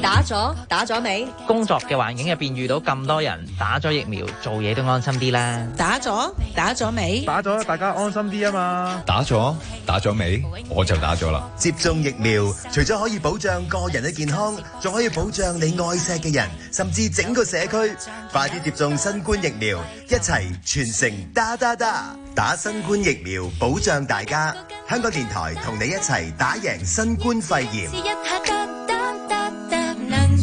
打咗打咗未？工作嘅環境入邊遇到咁多人打咗疫苗，做嘢都安心啲啦。打咗打咗未？打咗，大家安心啲啊嘛。打咗打咗未？我就打咗啦。接種疫苗，除咗可以保障個人嘅健康，仲可以保障你愛錫嘅人，甚至整個社區。快啲接種新冠疫苗，一齊全城打打打！打新冠疫苗，保障大家。香港電台同你一齊打贏新冠肺炎。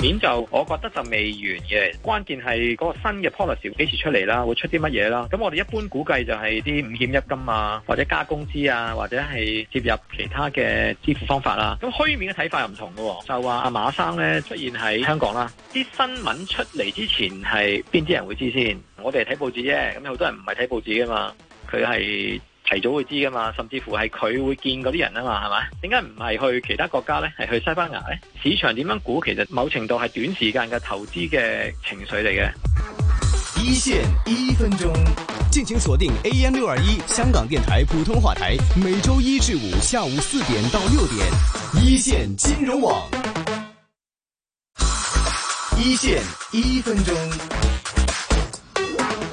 面就，我覺得就未完嘅，關鍵係嗰個新嘅 policy 幾時出嚟啦，會出啲乜嘢啦？咁我哋一般估計就係啲五險一金啊，或者加工資啊，或者係接入其他嘅支付方法啦。咁虛面嘅睇法又唔同喎、哦，就話阿馬生咧出現喺香港啦，啲新聞出嚟之前係邊啲人會知先？我哋係睇報紙啫，咁有好多人唔係睇報紙㗎嘛，佢係。提早會知噶嘛，甚至乎係佢會見嗰啲人啊嘛，係嘛？點解唔係去其他國家咧？係去西班牙咧？市場點樣估？其實某程度係短時間嘅投資嘅情緒嚟嘅。一線一分鐘，敬請鎖定 AM 六二一香港電台普通話台，每週一至五下午四點到六點，一線金融網，一線一分鐘。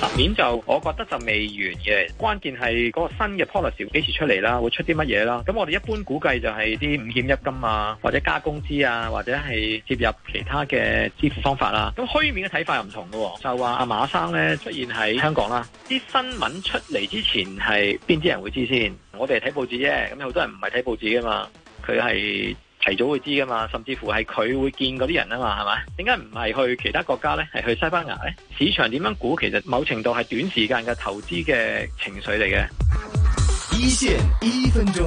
十年就我覺得就未完嘅，關鍵係嗰個新嘅 policy 幾時出嚟啦，會出啲乜嘢啦？咁我哋一般估計就係啲五險一金啊，或者加工資啊，或者係接入其他嘅支付方法啦、啊。咁虛面嘅睇法又唔同噶、啊，就話阿馬生咧出現喺香港啦，啲新聞出嚟之前係邊啲人會知先？我哋睇報紙啫，咁有好多人唔係睇報紙噶嘛，佢係。提早會知噶嘛，甚至乎係佢會見嗰啲人啊嘛，係嘛？點解唔係去其他國家咧？係去西班牙咧？市場點樣估？其實某程度係短時間嘅投資嘅情緒嚟嘅。一線一分鐘，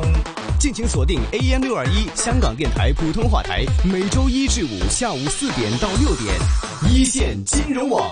敬請鎖定 AM 六二一香港電台普通話台，每周一至五下午四點到六點，一線金融網。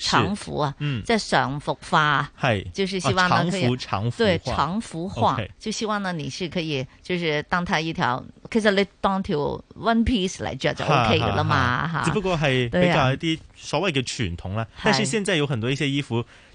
常服啊，即係常服化，係，就是希望呢可以，對常服化，Okay. 就希望呢，你是可以，就是當它一條，其實你當條 one piece 嚟着就 OK 噶啦嘛吓，只不過係比較一啲所謂嘅傳統啦，啊、但是現在有很多一些衣服。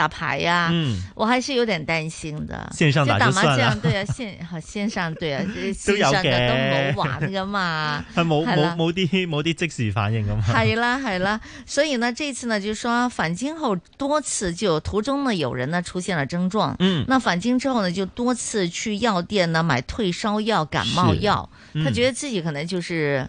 打牌呀、啊，嗯、我還是有點擔心的。線上、啊、就打麻將對啊，線線上對啊， 線上的都冇玩噶嘛，係冇冇冇啲冇啲即時反應噶嘛。係啦係啦，所以呢，這次呢就說返京後多次就途中呢有人呢出現了症狀，嗯，那返京之後呢就多次去藥店呢買退燒藥、感冒藥，嗯、他覺得自己可能就是。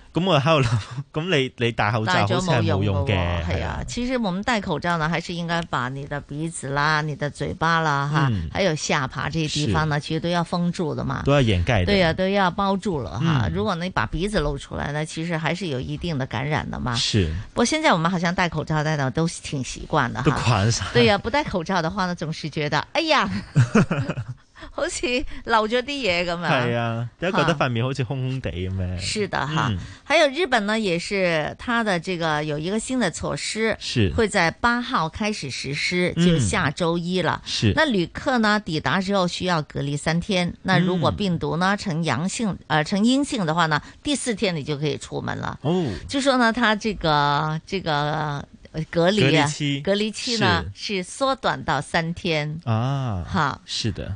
咁我喺度諗，咁 你你戴口罩好似冇用嘅。係啊，其實我們戴口罩呢，還是應該把你的鼻子啦、你的嘴巴啦，哈、嗯，還有下巴這些地方呢，是其實都要封住的嘛。都要掩蓋。對啊，都要包住了哈。嗯、如果你把鼻子露出來呢，其實還是有一定的感染的嘛。是。不過現在我們好像戴口罩戴到都挺習慣的，都不誇張。對呀、啊，不戴口罩的話呢，總是覺得，哎呀。 好似漏咗啲嘢咁樣，係啊，而家覺得塊面好似空空地咁樣。是的哈，還有日本呢，也是它的這個有一個新的措施，是會在八號開始實施，就下周一了。是，那旅客呢抵達之後需要隔離三天，那如果病毒呢呈陽性，呃，呈陰性的話呢，第四天你就可以出門了。哦，就說呢，它這個這個隔離隔離期隔離期呢是縮短到三天啊，好，是的。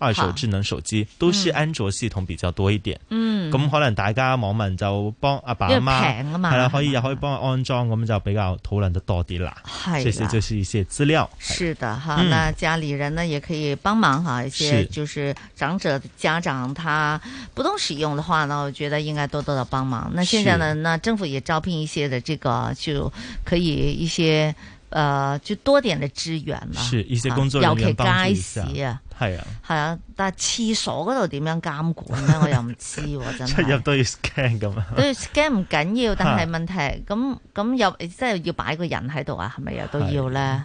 二手智能手機都是安卓系統比較多一點點，咁可能大家網民就幫阿爸阿媽，平啊嘛，係啦，可以又可以幫佢安裝，咁就比較討論得多啲啦。係，呢啲就是一些資料。是的，哈，那家裏人呢也可以幫忙哈，一些就是長者家長他不懂使用的話呢，我覺得應該多多的幫忙。那現在呢，那政府也招聘一些的這個就可以一些。誒、呃，就多啲人嘅支援啦，是工作一尤其街市啊，係啊，係啊，但係廁所嗰度點樣監管咧？我又唔知道，啊、真。 出入都要 scan 咁啊，都要 scan 唔緊要，但係問題咁咁又即係要擺個人喺度啊？係咪又都要咧？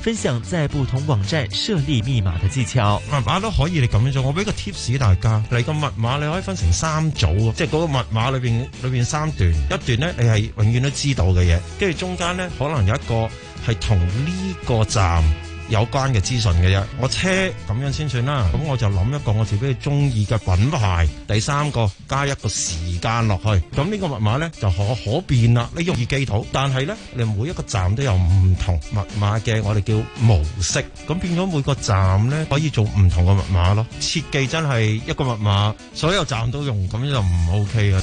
分享在不同網站設立密碼嘅技巧，密碼都可以你咁樣做，我俾個 tips 大家，嚟個密碼你可以分成三組，即係嗰個密碼裏面裏邊三段，一段咧你係永遠都知道嘅嘢，跟住中間咧可能有一個係同呢個站有關嘅資訊嘅啫，我車咁樣先算啦。咁我就諗一個我自己中意嘅品牌。第三個加一個時間落去，咁呢個密碼咧就可可變啦。你容易記到，但係咧你每一個站都有唔同密碼嘅，我哋叫模式。咁變咗每個站咧可以做唔同嘅密碼咯，設計真係一個密碼，所有站都用咁樣就唔 OK 啊！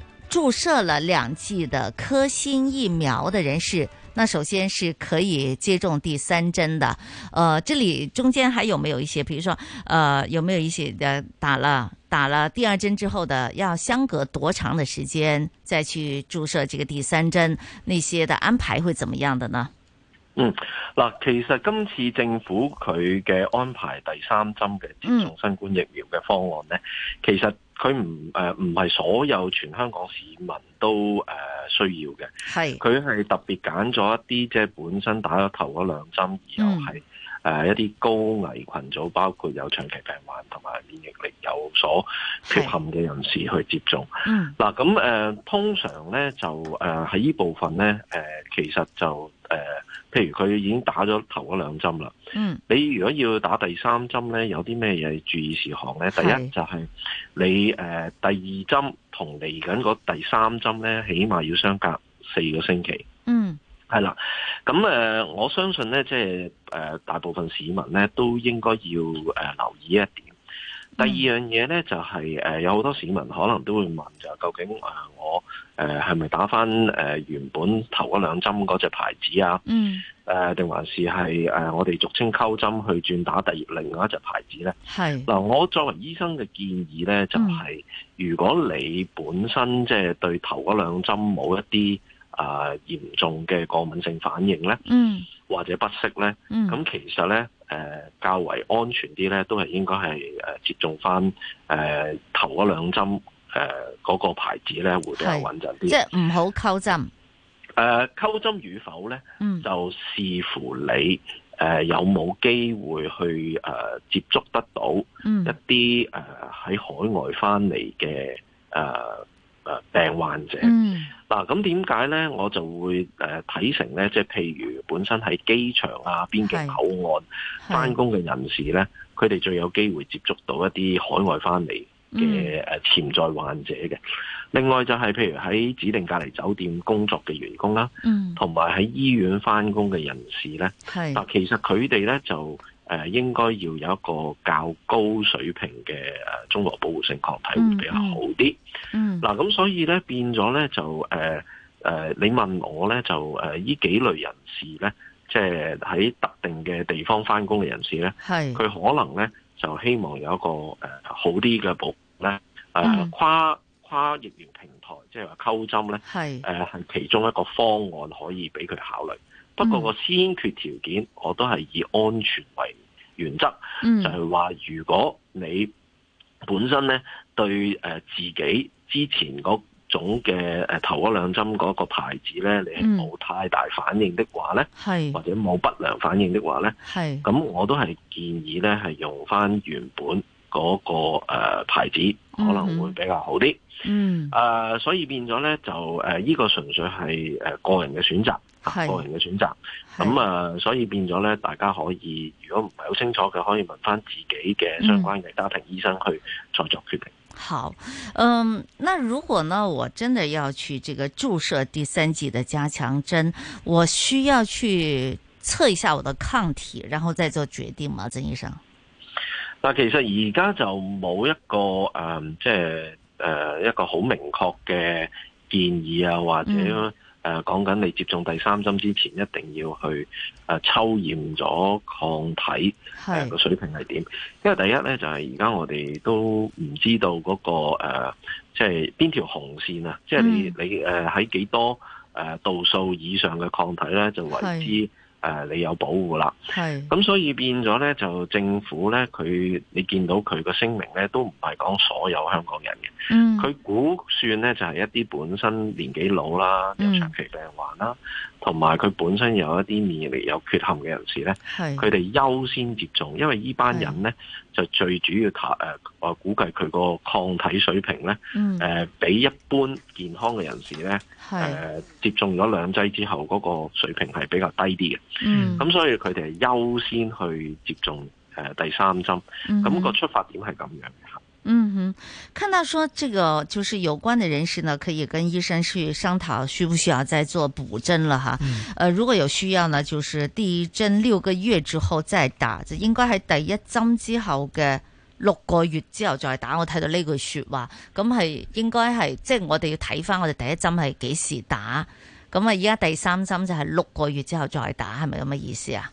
注射了兩劑的科興疫苗的人士，那首先是可以接種第三針的。呃，這裏中間還有沒有一些，比如說，呃，有沒有一些的打了打了第二針之後的，要相隔多長的時間再去注射這個第三針？那些的安排會怎麼樣的呢？嗯，嗱，其實今次政府佢嘅安排第三針嘅接種新冠疫苗嘅方案呢，嗯、其實。佢唔誒唔係所有全香港市民都誒、呃、需要嘅，係佢係特別揀咗一啲即係本身打咗頭嗰兩針，然後係一啲高危群組，包括有長期病患同埋免疫力有所缺陷嘅人士去接種。嗱咁誒通常咧就誒喺呢部分咧、呃、其實就誒。呃譬如佢已經打咗頭嗰兩針啦，嗯，你如果要打第三針咧，有啲咩嘢注意事項咧？是第一就係你誒第二針同嚟緊嗰第三針咧，起碼要相隔四個星期，嗯，係啦，咁誒我相信咧，即係誒大部分市民咧都應該要誒留意一點。第二樣嘢咧，就係、是、有好多市民可能都會問就是、究竟我誒係咪打返誒原本頭嗰兩針嗰隻牌子啊？嗯。誒定還是係誒我哋俗稱溝針去轉打第二另外一隻牌子咧？係是。嗱，我作為醫生嘅建議咧、就是，就係、嗯、如果你本身即係對頭嗰兩針冇一啲誒、啊、嚴重嘅過敏性反應咧，嗯。或者不適咧，咁、嗯、其實咧。誒、呃、較為安全啲咧，都係應該係接種翻誒、呃、頭嗰兩針誒嗰、呃嗰個牌子咧，會比較穩陣啲。即係唔好溝針。誒、呃、溝針與否咧，嗯、就視乎你誒、呃、有冇機會去、呃、接觸得到一啲誒喺海外翻嚟嘅誒。誒，病患者，嗱、嗯，咁點解咧？我就會誒睇、呃、成咧，即係譬如本身喺機場啊、邊境口岸是、翻工嘅人士咧，佢哋最有機會接觸到一啲海外翻嚟嘅誒潛在患者嘅。嗯、另外就係譬如喺指定隔離酒店工作嘅員工啦、啊，同埋喺醫院翻工嘅人士咧，嗱是、啊，其實佢哋咧就。誒應該要有一個較高水平嘅中和保護性抗體會比較好啲。嗱、嗯，咁、嗯啊、所以咧變咗咧就誒誒、呃呃，你問我咧就誒呢、呃、幾類人士咧，即係喺特定嘅地方翻工嘅人士咧，佢是可能咧就希望有一個誒、呃、好啲嘅保護咧，誒、呃嗯、跨跨疫苗平台即係話溝針咧，係是、呃、其中一個方案可以俾佢考慮。不過個先決條件我都係以安全為原則、嗯、就係話，如果你本身咧對誒自己之前嗰種嘅誒頭嗰兩針嗰個牌子咧，你冇太大反應的話咧，嗯、或者冇不良反應的話咧，咁是我都係建議咧係用翻原本嗰、嗰個、呃、牌子，可能會比較好啲。誒、嗯嗯啊，所以變咗咧就誒，依、呃呢個純粹係誒個人嘅選擇。係個人嘅選擇，咁啊，所以變咗咧，大家可以如果唔係好清楚嘅，可以問翻自己嘅相關嘅家庭醫生去再作決定，嗯。好，嗯，那如果呢，我真的要去這個注射第三劑嘅加強針，我需要去測一下我的抗體，然後再做決定嗎？曾醫生？嗱、呃，其實而家就冇一個誒、呃，即係誒、呃、一個好明確嘅建議啊，或者、嗯。誒，講緊、啊、你接種第三針之前，一定要去誒、啊、抽驗咗抗體嘅個、啊、是水平係點。因為第一咧就係而家我哋都唔知道嗰、那個誒，即係邊條紅線啊，即、就、係、是、你、嗯、你誒喺幾多誒、啊、度數以上嘅抗體咧就為之。誒、呃，你有保護啦，咁係，所以變咗咧，就政府咧，佢你見到佢個聲明咧，都唔係講所有香港人嘅，佢、嗯、估算咧就係、係、一啲本身年紀老啦，有長期病患啦。嗯同埋佢本身有一啲免疫力有缺陷嘅人士咧，佢哋優先接種，因為呢班人咧是就最主要誒、呃，我估計佢個抗體水平咧，誒、嗯呃、比一般健康嘅人士咧，誒是、呃、接種咗兩劑之後嗰、那個水平係比較低啲嘅，咁、嗯、所以佢哋係優先去接種、呃、第三針，咁、嗯、哼個出發點係咁樣。嗯哼，看到說這個就是有關的人士呢，可以跟醫生去商討需不需要再做補針啦？吓、嗯，呃，如果有需要呢，就是第一針六個月之後再打，就應該喺第一針之後嘅六個月之後再打。我睇到呢句說話，咁係應該係即係我哋要睇翻，我哋第一針係幾時打，咁啊而家第三針就係六個月之後再打，係咪咁嘅意思啊？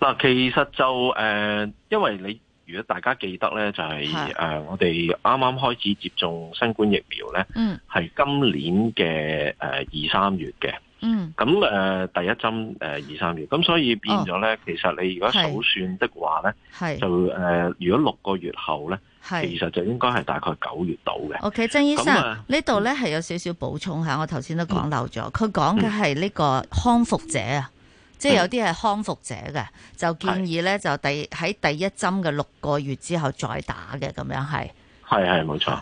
嗱，其實就誒、呃，因為你。如果大家記得咧，就係誒我哋啱啱開始接種新冠疫苗咧，係今年嘅二三月嘅。嗯，咁誒第一針二三月，咁所以變咗咧，其實你如果數算的話咧，就誒如果六個月後咧，其實就應該係大概九月到嘅。OK，曾醫生呢度咧係有少少補充下，我頭先都講漏咗，佢講嘅係呢個康復者啊。即係有啲係康復者嘅，嗯、就建議咧就第喺第一針嘅六個月之後再打嘅咁樣係。係係冇錯，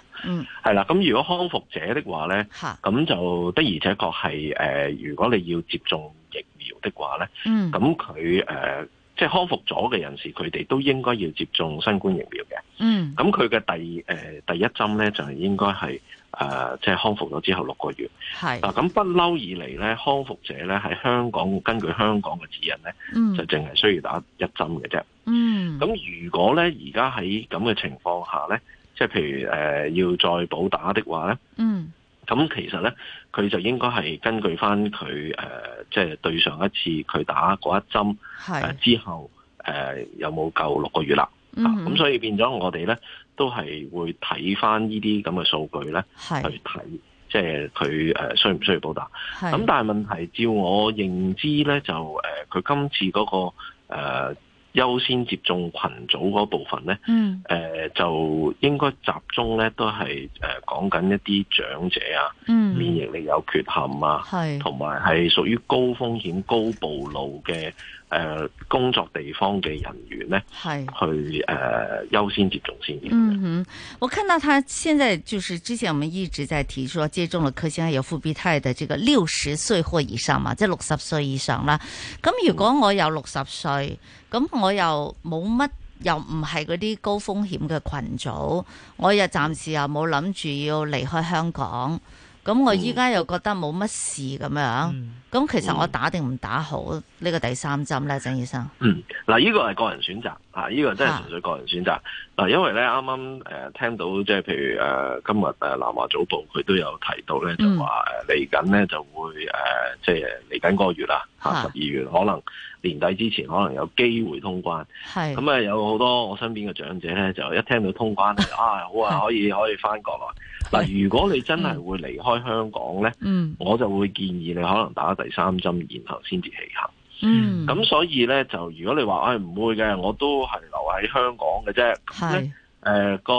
係啦、嗯。咁如果康復者的話咧，咁就的而且確係誒、呃，如果你要接種疫苗的話咧，咁佢誒即係康復咗嘅人士，佢哋都應該要接種新冠疫苗嘅。咁佢嘅第誒、呃、第一針咧就係、係、應該係。誒、呃，即係康復咗之後六個月，嗱咁不嬲以嚟咧，康復者咧喺香港根據香港嘅指引咧，嗯、就淨係需要打一針嘅啫。嗯，咁如果咧而家喺咁嘅情況下咧，即係譬如誒、呃、要再補打的話咧，嗯，咁其實咧佢就應該係根據翻佢誒，即、呃、係、就是、對上一次佢打嗰一針是、呃、之後誒、呃、有冇夠六個月啦。咁、嗯啊、所以變咗我哋咧。都係會睇翻呢啲咁嘅數據咧，去睇是即係佢需唔需要補打。咁是但係問題照我認知咧，就佢、呃、今次嗰、嗰個誒、呃、優先接種群組嗰部分咧、嗯呃，就應該集中咧都係誒、呃、講緊一啲長者啊，免、嗯、疫力有缺陷啊，同埋係屬於高風險、高暴露嘅。誒、呃、工作地方嘅人員呢係是去誒呃、優先接種先嘅。嗯哼，mm hmm. 我看到他現在就是之前我們一直在提出，接種了科興係有復必泰的這個六十歲或以上嘛，即係六十歲以上啦。咁如果我有六十歲，咁我又冇乜，又唔係嗰啲高風險嘅羣組，我又暫時又冇諗住要離開香港。咁我依家又覺得冇乜事咁樣，咁、嗯、其實我打定唔打好呢、嗯、個第三針咧，鄭醫生。嗯，嗱，呢個係個人選擇。啊！依、呢個真係純粹個人選擇嗱，的因為咧啱啱誒聽到即係譬如誒、呃、今日誒、呃、南華早報佢都有提到咧、嗯，就話嚟緊咧就會誒、呃、即係嚟緊嗰月啦嚇十二月，可能年底之前可能有機會通關。係咁啊的，有好多我身邊嘅長者咧，就一聽到通關的啊，好啊，可以可以翻國內。嗱的、啊，如果你真係會離開香港咧，嗯、我就會建議你可能打第三針，然後先至起行。咁、嗯、所以咧，就如果你話誒唔會嘅，我都係留喺香港嘅啫。咁誒是、呃那個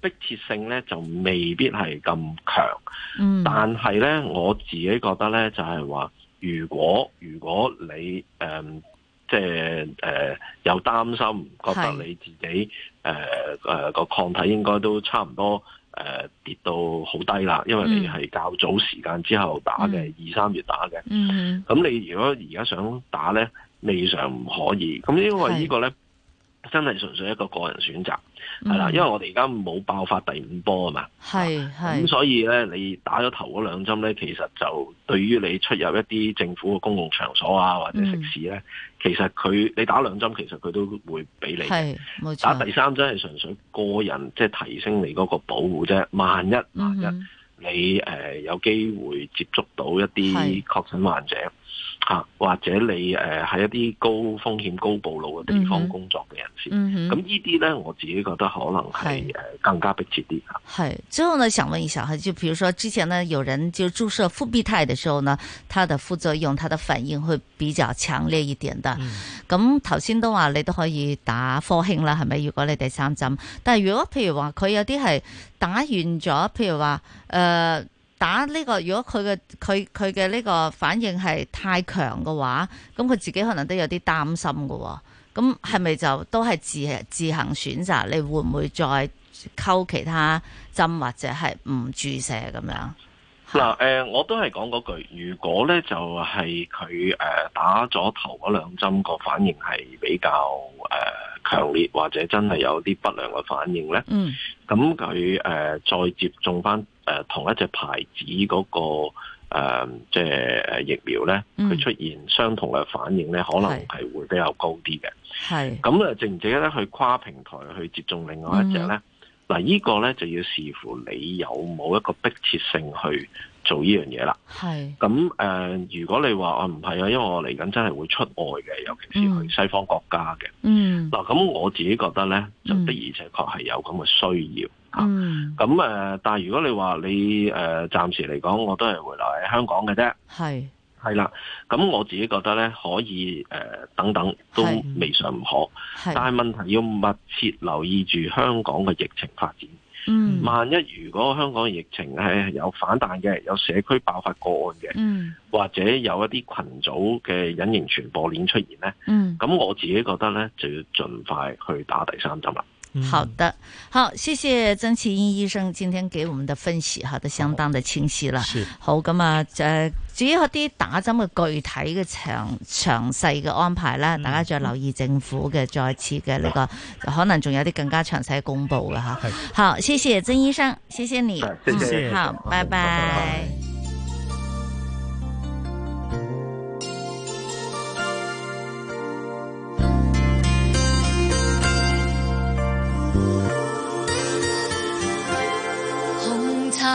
迫切性咧就未必係咁強。嗯、但係咧，我自己覺得咧，就係、是、話，如果如果你誒、呃、即係誒、呃、有擔心，覺得你自己誒誒是、呃那個抗體應該都差唔多。誒、呃，跌到好低啦，因為你係較早時間之後打嘅，二三、嗯、月打嘅。嗯哼，咁你如果而家想打呢，未嘗唔可以。咁因為呢個呢，是真係純粹一個個人選擇，係、嗯、哼啦，因為我哋而家冇爆發第五波啊嘛。係咁是所以呢，你打咗頭嗰兩針呢，其實就對於你出入一啲政府嘅公共場所啊，或者食肆呢。嗯其實佢你打兩針，其實佢都會俾你。係，冇錯。打第三針係純粹個人，即係提升你嗰個保護啫。萬一，萬一、嗯、哼你誒、呃、有機會接觸到一啲確診患者。啊，或者你誒喺一啲高風險、高暴露嘅地方工作嘅人士，咁、嗯嗯、呢啲咧，我自己覺得可能係誒更加迫切啲啊。係，最後呢，想問一下，就譬如說之前呢，有人就注射復必泰嘅時候呢，他的副作用、他的反應會比較強烈一啲啊。咁頭先都話你都可以打科興啦，係咪？如果你第三針，但係如果譬如話佢有啲係打完咗，譬如話誒。呃打呢個如果佢嘅佢佢嘅呢個反應係太強嘅話，咁佢自己可能都有啲擔心嘅。咁係咪就都係自自行選擇？你會唔會再溝其他針或者係唔注射咁樣？嗱，誒，我都係講嗰句，如果咧就係佢誒打咗頭嗰兩針個反應係比較誒強烈或者真係有啲不良嘅反應咧，嗯，咁佢誒再接種翻。誒、呃，同一隻牌子嗰、那個誒，即、呃、係、就是、疫苗咧，佢出現相同嘅反應咧，嗯、可能係會比較高啲嘅。係咁就值唔值得咧去跨平台去接種另外一隻咧，嗱、嗯，個呢個咧就要視乎你有冇一個迫切性去做呢樣嘢啦。係咁誒，如果你話啊唔係啊，因為我嚟緊真係會出外嘅，尤其是去西方國家嘅、嗯。嗯。嗱，咁我自己覺得咧，就的而且確係有咁嘅需要。啊、嗯，咁誒、嗯，但係如果你話你誒，暫、呃、時嚟講，我都係回留喺香港嘅啫。係係啦，咁我自己覺得咧，可以誒、呃、等等都未嘗唔可，是但係問題是要密切留意住香港嘅疫情發展。嗯，萬一如果香港嘅疫情係有反彈嘅，有社區爆發個案嘅，嗯，或者有一啲群組嘅隱形傳播鏈出現咧，嗯，咁我自己覺得咧就要盡快去打第三針啦。嗯、好的，好，謝謝曾奇英醫生今天給我們的分析，吓都相當的清晰啦。是，好咁啊，誒、呃，至於一啲打針嘅具體嘅詳詳細嘅安排啦，嗯、大家再留意政府嘅、嗯、再次嘅呢、這個，可能仲有啲更加詳細嘅公布嘅，吓是。好，謝謝曾醫生，謝謝你，是嗯、好，拜拜。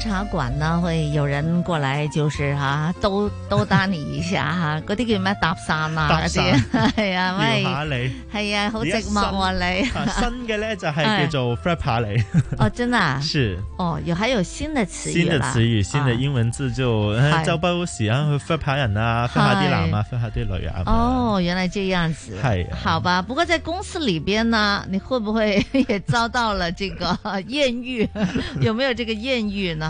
茶館呢，會有人過來，就是哈，都都打你一下哈，嗰啲叫咩搭訕啊？搭訕，係啊，咩？係啊，好直嘛？啊，你新嘅咧，就係叫做 flip 哈嚟哦，真的是哦，有還有新的詞語，新的詞語，新的英文字就周不時啊去 flip 下人啊，flip 下啲男啊，flip 下啲女啊。哦，原來這樣子，係好吧？不過在公司裏邊呢，你會不會也遭到了這個艷遇？有沒有這個艷遇呢？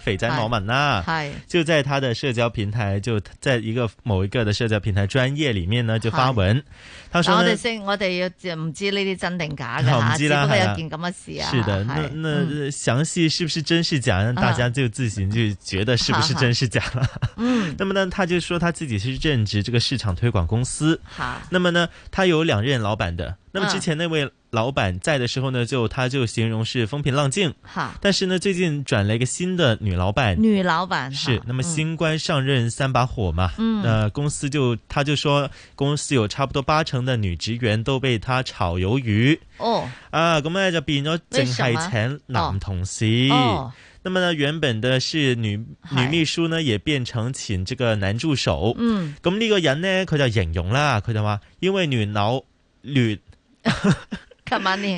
肥宅網民就在他的社交平台，就在一個某一個的社交平台專頁裏面呢，就發文。是他說我：，我哋先，我哋要唔知呢啲真定假嘅，我唔知啦，只不過有件咁嘅事啊。是的，那、嗯、那詳細是不是真是假，讓大家就自行就覺得是不是真是假了。嗯、啊， 那麼呢，他就說他自己是任職這個市場推廣公司。好、啊，那麼呢，他有兩任老闆的。那麼之前那位老闆在的時候呢，就他就形容是風平浪靜。哈，但是呢，最近轉了一個新的女老闆。女老闆是，那麼新官上任三把火嘛。嗯，那公司就他就說，公司有差不多八成的女職員都被他炒魷魚。哦，啊，咁呢，就變咗淨係請男同事。哦，那麼呢，原本的是女女秘書呢，也變成請這個男助手。嗯，咁呢個人呢，佢就形容啦，佢就話，因為女老女。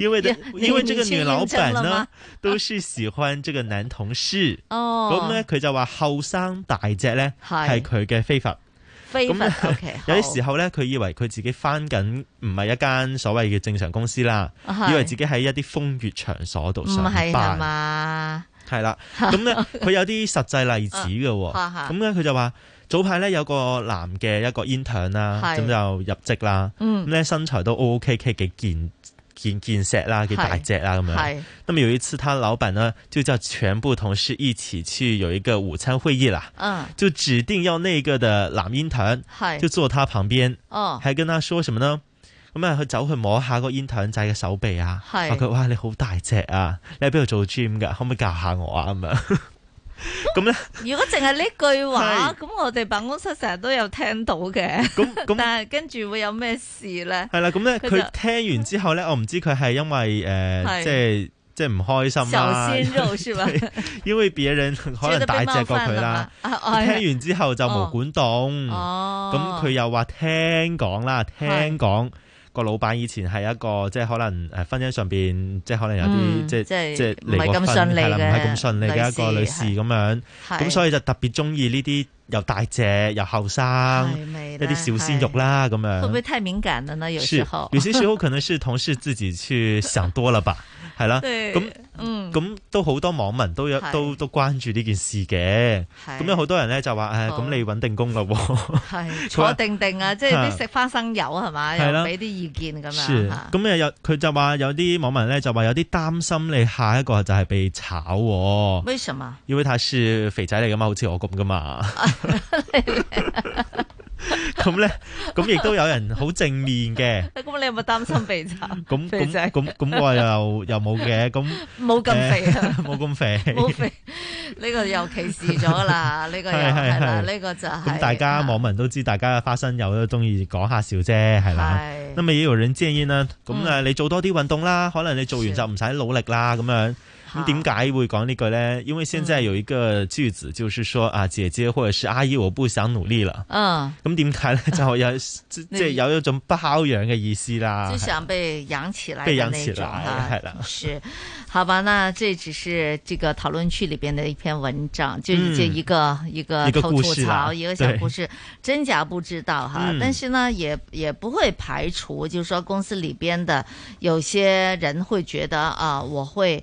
因為 因為這個女老闆呢，都是喜歡這個男同事。哦，咁呢佢就話後生大隻咧，係佢嘅非法非法。非法有啲時候咧，佢以為佢自己翻緊唔係一間所謂嘅正常公司啦，哦，以為自己喺一啲風月場所度上班。係啦，咁咧佢有啲實際例子嘅，咁咧佢就話。早排咧有個男嘅一個 intern 啦，咁就是入職啦。咁咧、嗯、身材都 O K K 嘅健健健碩啦，幾大隻啦。咁是樣。咁是有一次他老闆呢就叫全部同事一齊去有一個午餐會議啦。嗯、啊，就指定要呢個嘅男 intern，是就坐喺他旁邊。哦、啊，係跟他說什麼呢？咁啊，佢走去摸下個 intern 仔嘅手臂啊。係是，話佢哇你好大隻啊！你喺邊度做 gym 㗎？可唔可以教下我啊？咁樣。咁咧，如果淨係呢句話，咁我哋辦公室成日都有聽到嘅。咁咁，但係跟住會有咩事咧？係啦，咁咧，佢聽完之後咧，我唔知佢係因為誒，即係即係唔開心啊。小鮮肉是吧？因為別人可能大隻過佢啦。聽完之後就冇管動。哦。咁佢又話聽講啦，聽講。個老闆以前係一個即係可能誒婚姻上邊，即係可能有啲、嗯、即係即係離過婚、唔係咁順利，唔係咁順利嘅一個女士咁樣，咁的所以就特別鍾意呢啲。又大隻又後生，一啲小鮮肉啦咁樣，會唔會太敏感啦？呢，有時候，有些時候可能是同事自己去想多啦吧，係啦，咁咁都好多網民都有都都關注呢件事嘅，咁有好多人咧就話誒，咁你穩定工啦，係坐定定啊，即係啲食花生油係咪？又俾啲意見咁樣，咁又有佢就話有啲網民咧就話有啲擔心你下一個就係被炒，為什麼？因為太似肥仔嚟噶嘛，好似我咁噶嘛。咁咧，咁亦都有人好正面嘅。咁你有冇擔心被查？咁咁咁咁我又又冇嘅。咁冇咁肥啊！冇咁肥，冇肥。呢個又歧視咗啦。呢個又係啦。呢個就係大家網民都知，大家嘅花生友都中意講下笑啫，係咪？咁啊，咪要潤支煙啦。咁你做多啲運動啦，可能你做完就唔使努力啦。咁樣。咁點解會講呢個呢？因為現在有一個句子就是說啊，姐姐或者是阿姨，我不想努力了。嗯。咁點解呢？就有即係有一種不包養嘅意思啦。就想被養起來。被養起來，係啦。是，好吧，那這隻是這個討論區裏邊的一篇文章，就就一個一個一個故事，一個小故事，真假不知道哈。但是呢，也也不會排除，就是說公司裏邊的有些人會覺得啊，我會。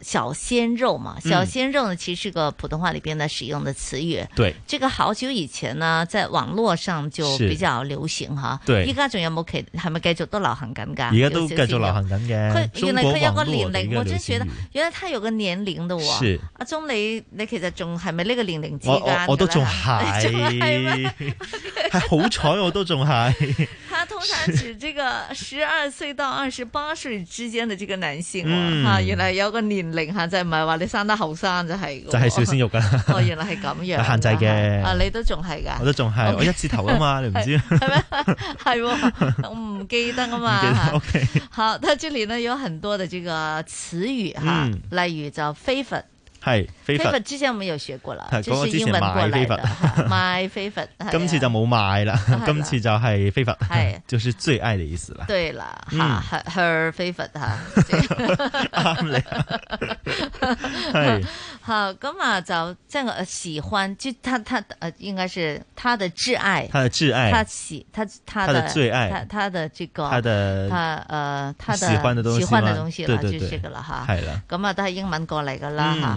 小鮮肉嘛，小鮮肉呢，其實是個普通話裏邊的使用的詞語。嗯、對，這個好久以前呢，在網絡上就比較流行哈。對，依家仲有冇其係咪繼續都流行緊噶？而家都繼續老干來流行緊嘅。佢原來佢有個年齡，我真覺得原來他有個年齡的、哦。阿中是、啊，你你其實仲係咪呢個年齡之間？我我我都仲係，係 好彩、哦、我都仲係。 他通常指這個十二歲到二十八歲之間的這個男性哦、啊。是原來有個年齡。零限制，唔係話你生得後生就係，就係小鮮肉噶。哦，哦原來係咁樣的。限制嘅。啊，你都仲係噶？我都仲係，Okay 我一字頭啊嘛， 你唔知道。係咩？ 係是， 哦、 我唔記得啊嘛。Okay、好，那這裏呢有很多的這個詞語哈，嗯、例如就非粉。係，favourite 之前我們有學過了就是英文過嚟的，my favorite 今次就冇賣啦，今次就係 favourite，係，就是最愛的意思啦。對了 her favourite 好，咁啊就這個喜歡，就他他，誒，應該是他的摯愛，他的摯愛，他喜他他的，他的最愛，他他的這個，他的，他他的喜歡的東西啦，就是個啦咁啊都係英文過嚟噶啦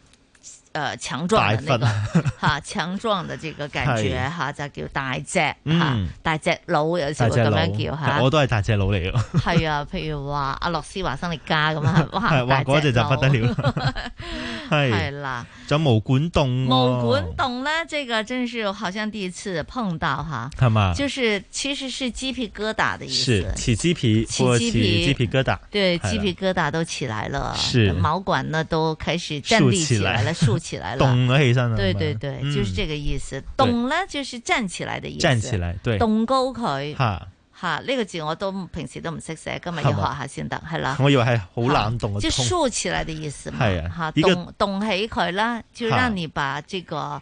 呃強壯嘅嗰個吓，強壯的這個感覺吓，就叫大隻吓，大隻佬有時會咁樣叫吓，我都係大隻佬嚟嘅。係啊，譬如話阿諾斯華生力加咁啊，哇，不得了。係啦，就毛管棟，毛管棟呢？這個真的是，我好像第一次碰到哈。係嘛，就是其實是雞皮疙瘩的意思，起雞皮，起雞皮，雞皮疙瘩，對，雞皮疙瘩都起來了，毛管呢都開始站立起來了，豎。起來了，動咗起身啊，對對對，嗯、就是這個意思。對動啦，就是站起來的意思。站起來，對。動高佢。吓哈，呢哈個字我都平時都唔識寫，今日要學下先得，係嗎啦。我以為係好冷凍嘅。即係、啊、豎起來的意思。係啊。吓，動動起佢啦，就讓你把呢、這個。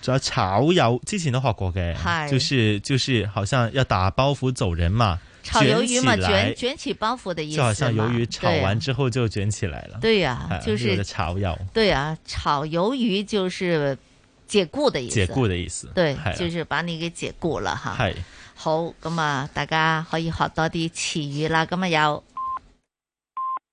就炒魷，之前都學過嘅，係，就是就是，好像要打包袱走人嘛，炒魷魚嘛，捲起捲，捲起包袱的意思，就好像魷魚炒完之後就捲起來了，對呀，就是炒魷，對啊，炒魷魚就是解雇的意思，解雇的意思，對，就是把你給解雇啦，吓，係，好，咁啊，大家可以學多啲詞語啦，咁啊有。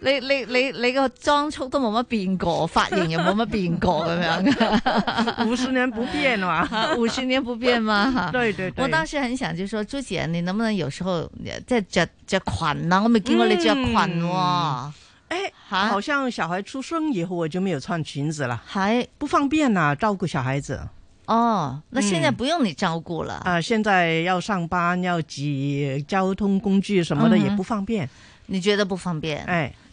你你你你個裝束都冇乜變過，髮型又冇乜變過咁樣、 啊，五十年不變嘛？五十年不變嘛？對對對，我當時很想就說朱姐，你能不能有時候即係着着裙啊？我沒見過你着裙喎。哎、好像小孩出生以後我就沒有穿裙子了。還、啊、不方便啊，照顧小孩子。哦，那現在不用你照顧了。啊、嗯呃，現在要上班要擠交通工具什麼的也不方便。嗯、你覺得不方便？哎。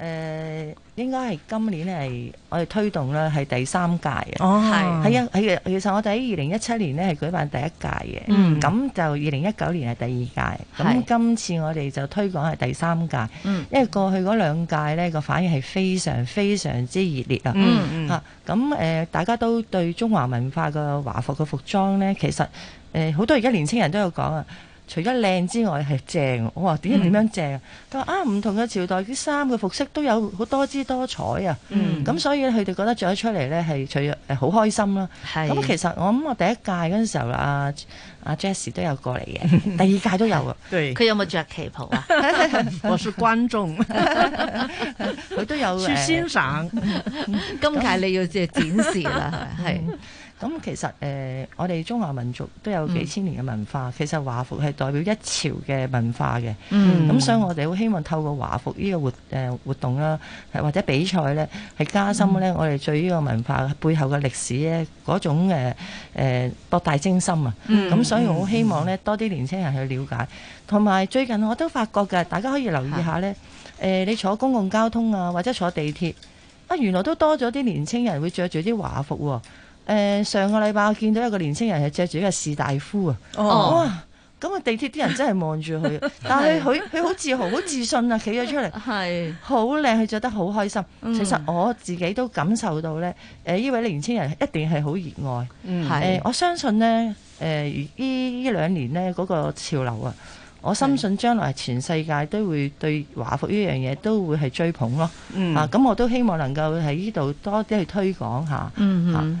誒、呃、應該係今年係我哋推動啦，係第三屆啊！係係啊，係其實我哋喺二零一七年呢，係舉辦第一屆嘅，咁、嗯、就二零一九年係第二屆，咁係今次我哋就推廣係第三屆，嗯、因為過去嗰兩屆呢個反應係非常非常之熱烈、嗯嗯、啊！嚇咁誒，大家都對中華文化嘅華服嘅服裝呢，其實誒好、呃、多而家年輕人都有講啊！除咗靚之外係正，我話點樣點樣正？佢話、嗯、啊，唔同嘅朝代啲衫嘅服飾都有好多姿多彩啊！咁、嗯、所以佢哋覺得着咗出嚟咧係，除誒好開心啦。咁是其實我諗我第一屆嗰陣時候，阿、啊、阿、啊、Jess 都有過嚟嘅，第二屆都有啊。佢 對有冇着旗袍啊？ 我說觀眾，佢 都有朱先生，今屆你要即係展示啦，係 是。嗯咁其實誒、呃，我哋中華民族都有幾千年嘅文化。嗯、其實華服係代表一朝嘅文化嘅。嗯。咁所以我哋好希望透過華服呢個活誒活動啦，係或者比賽咧，係加深咧我哋對呢個文化背後嘅歷史咧嗰種誒誒博大精深啊。嗯。咁所以我好希望咧多啲年青人去了解。同埋最近我都發覺嘅，大家可以留意下咧。誒的、呃，你坐公共交通啊，或者坐地鐵，啊，原來都多咗啲年青人會着住啲華服喎、啊。誒、呃，上個禮拜我見到一個年青人係着住一個士大夫啊，哇、oh. 哦！咁啊，地鐵啲人真係望住佢， 但係佢佢好自豪、好 自信啊，企咗出嚟，係好靚，佢着得好開心。Mm. 其實我自己都感受到咧，誒、呃，呢位年青人一定係好熱愛，係、mm. 呃。我相信呢，誒、呃，呢呢兩年呢嗰、那個潮流啊，我深信將來全世界都會對華服呢樣嘢，都會係追捧咯。Mm. 啊，咁我都希望能夠喺呢度多啲去推廣一下，吓、mm。Hmm. 啊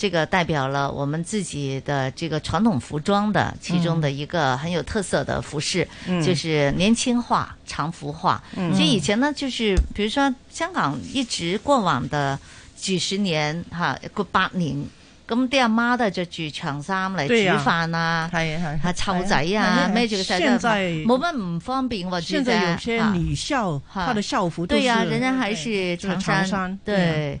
這個代表了我們自己的這個傳統服裝的其中的一個很有特色的服飾，嗯、就是年輕化、長服化。其實、嗯、以前呢，就是比如說香港一直過往的幾十年哈，過八年跟爹媽的，的着住長衫嚟煮飯啊，係啊係啊，湊仔啊，現在冇乜唔方便㗎，現在有些女校，她、啊、的校服都是長衫，對呀、啊，人家還是長衫，對、啊。對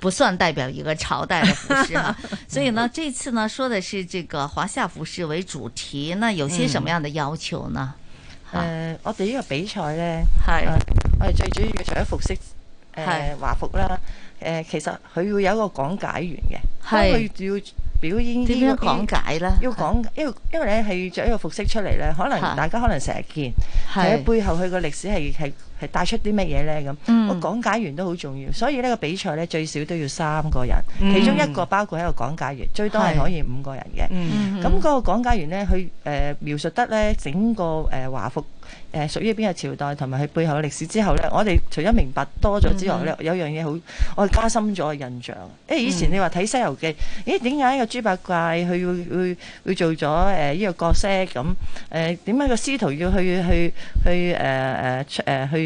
不算代表一個朝代嘅服飾啦，所以呢，這次呢，說的是這個華夏服飾為主題，那有些什麼樣的要求呢？誒，我哋呢個比賽咧，係我哋最主要着服飾，誒華服啦，誒其實佢要有一個講解員嘅，係佢要表演呢啲講解咧？要講，因為因為咧係要着一個服飾出嚟咧，可能大家可能成日見，喺背後佢個歷史係係。係帶出啲乜嘢咧咁？咁、嗯、講解員都好重要，所以呢個比賽咧最少都要三個人，其中一個包括一個講解員，嗯、最多係可以五個人嘅。咁嗰、嗯嗯、個講解員咧，佢誒、呃、描述得咧整個誒、呃、華服誒、呃、屬於邊個朝代，同埋佢背後嘅歷史之後咧，我哋除咗明白多咗之外咧，嗯、有樣嘢好我哋加深咗印象。誒、欸、以前你話睇《西遊記》咦，咦點解個豬八戒佢會會會，會做咗誒呢個角色咁？誒點解個師徒要去去去誒誒誒去？去呃去呃去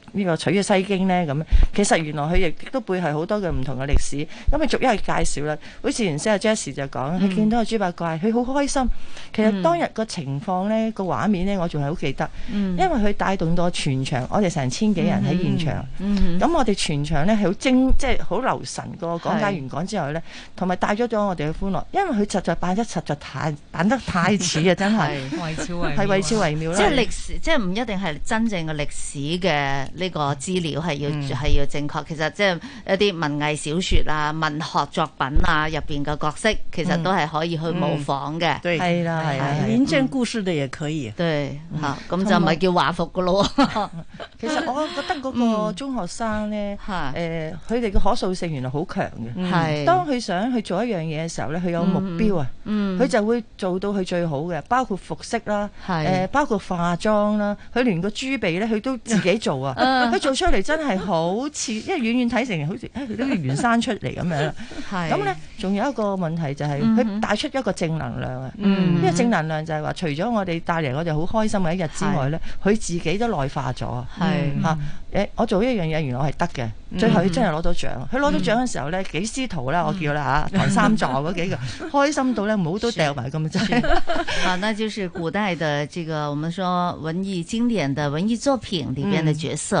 呢個取嘅《西經》呢，咁，其實原來佢亦都背後好多嘅唔同嘅歷史。咁咪逐一介紹啦。好似原先阿 Jes、嗯、s 就講，佢見到阿豬八怪，佢好開心。其實當日個情況呢，個、嗯、畫面呢，我仲係好記得。嗯、因為佢帶動到全場，我哋成千幾人喺現場。咁、嗯嗯嗯、我哋全場呢，係好精，即係好留神個講解完講之後呢，同埋是帶咗咗我哋嘅歡樂，因為佢實在扮得實在太扮得太似啊！真係是。係 為超為妙。係為超為妙啦。即係歷史，是即係唔一定係真正嘅歷史嘅。呢個資料係要係要正確，其實即係一啲文藝小説啊、文學作品啊入邊嘅角色，其實都係可以去模仿嘅。係啦，演正故事嘅也可以。對，嚇咁就唔係叫華服㗎咯。其實我覺得嗰個中學生咧，誒佢哋嘅可塑性原來好強嘅。係，當佢想去做一樣嘢嘅時候咧，佢有目標啊，佢就會做到佢最好嘅，包括服飾啦，誒包括化妝啦，佢連個珠鼻咧佢都自己做啊。佢做出嚟真係好似，因為遠遠睇成好似都啲圓生出嚟咁樣。咁咧，仲有一個問題就係佢帶出一個正能量啊！因為正能量就係話，除咗我哋帶嚟我哋好開心嘅一日之外咧，佢自己都內化咗。係嚇誒，我做一樣嘢原來我係得嘅，最後真係攞到獎。佢攞到獎嘅時候咧，幾師徒啦，我叫啦嚇，唐三藏嗰幾個，開心到咧好都掉埋咁樣。好，那就是古代的這個，我們說文藝經典的文藝作品裏邊的角色。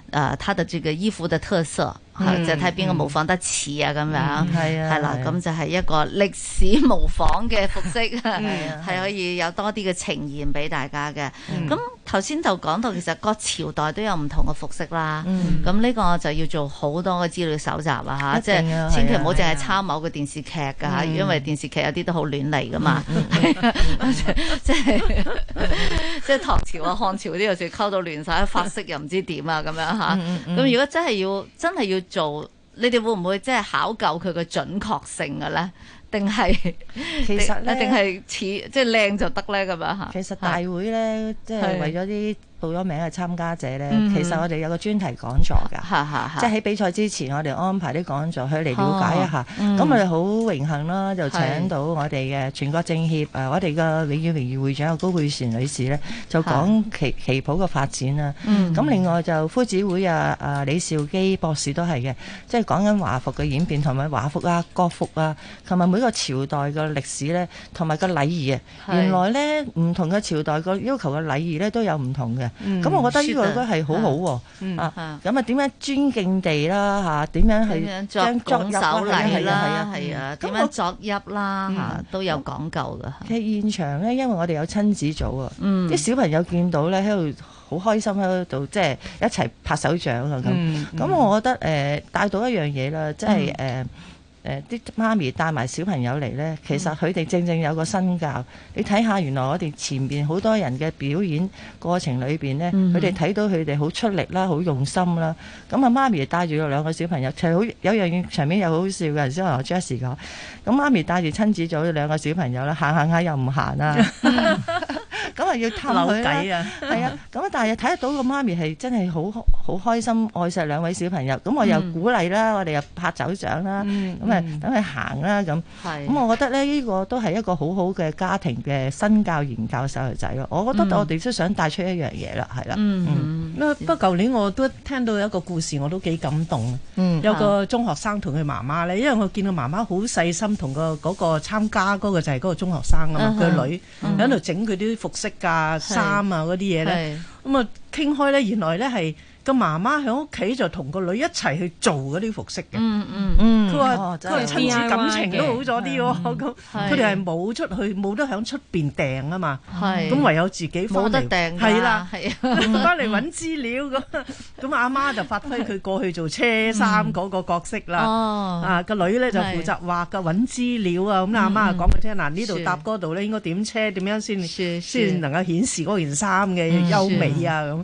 誒，佢哋著嘅衣服嘅特色，就睇邊個模仿得似啊咁樣，係啊，係啦，咁就係一個歷史模仿嘅服飾，係可以有多啲嘅呈現俾大家嘅。咁頭先就講到，其實各朝代都有唔同嘅服飾啦。咁呢個就要做好多嘅資料搜集啊吓，即係千祈唔好淨係參考個電視劇㗎嚇，因為電視劇有啲都好亂嚟㗎嘛。即係。 即係唐朝啊、漢朝嗰啲有時溝到亂晒，髮式又唔知點啊咁樣吓，咁、 嗯嗯、如果真係要真係要做，你哋會唔會即係考究佢嘅準確性嘅、啊、咧？定係其實咧，定係似即係靚就得咧咁樣吓，其實大會咧，即係是為咗啲。報咗名嘅參加者咧，其實我哋有個專題講座㗎，嗯、即係喺比賽之前，我哋安排啲講座去嚟了解一下。咁、嗯、我哋好榮幸啦，就請到我哋嘅全國政協是啊，我哋嘅永遠榮譽會長啊高佩璇女士咧，就講旗旗袍嘅發展啊。咁、嗯、另外就夫子會啊啊李兆基博士都係嘅，即係講緊華服嘅演變同埋華服啊、國服啊，同埋每個朝代嘅歷史咧，同埋個禮儀啊。是原來咧，唔同嘅朝代個要求嘅禮儀咧都有唔同嘅。咁我覺得呢個都係好好喎，啊咁啊點樣尊敬地啦嚇，點樣去將拱手禮啦，係啊係啊，點樣作揖啦嚇都有講究噶。其實現場咧，因為我哋有親子組啊，啲小朋友見到咧喺度好開心喺度，即係一齊拍手掌啊咁。咁我覺得誒帶到一樣嘢啦，即係誒。誒啲、呃、媽咪帶埋小朋友嚟呢，其實佢哋正正有個身教。你睇下原來我哋前面好多人嘅表演過程裏面呢，佢哋睇到佢哋好出力啦，好用心啦。咁啊媽咪帶住兩個小朋友，好有樣嘢場面又好好笑嘅，先我 Jessie 講。咁媽咪帶住親子組兩個小朋友咧，行行下又唔行啦。 咁啊 要偷樓佢啊，係啊， 咁啊但係睇得到個媽咪係真係好好開心，愛錫兩位小朋友。咁我又鼓勵啦，嗯、我哋又拍手掌啦，咁啊等佢行啦咁。咁我覺得咧，呢、呢個都係一個好好嘅家庭嘅身教嚟教細路仔咯。我覺得我哋都想帶出一樣嘢啦，係啦。不過舊年我都聽到一個故事，我都幾感動。有個中學生同佢媽媽咧，因為我見到媽媽好細心同、嗰個嗰、嗰個參加嗰個就係嗰個中學生啊嘛，佢、嗯、哼女喺度整佢啲服。色啊、衫啊嗰啲嘢咧，咁啊傾開咧，原來咧係。個媽媽喺屋企就同個女一齊去做嗰啲服飾嘅，嗯嗯嗯，佢話佢哋親子感情都好咗啲，咁佢哋係冇出去冇得響出邊訂啊嘛，係，咁唯有自己得嚟，係啦，翻嚟搵資料咁，咁阿媽就發揮佢過去做車衫嗰個角色啦，啊個女咧就負責畫噶，搵資料啊，咁阿媽啊講佢聽嗱呢度搭嗰度咧應該點車，點樣先先能夠顯示嗰件衫嘅優美啊咁。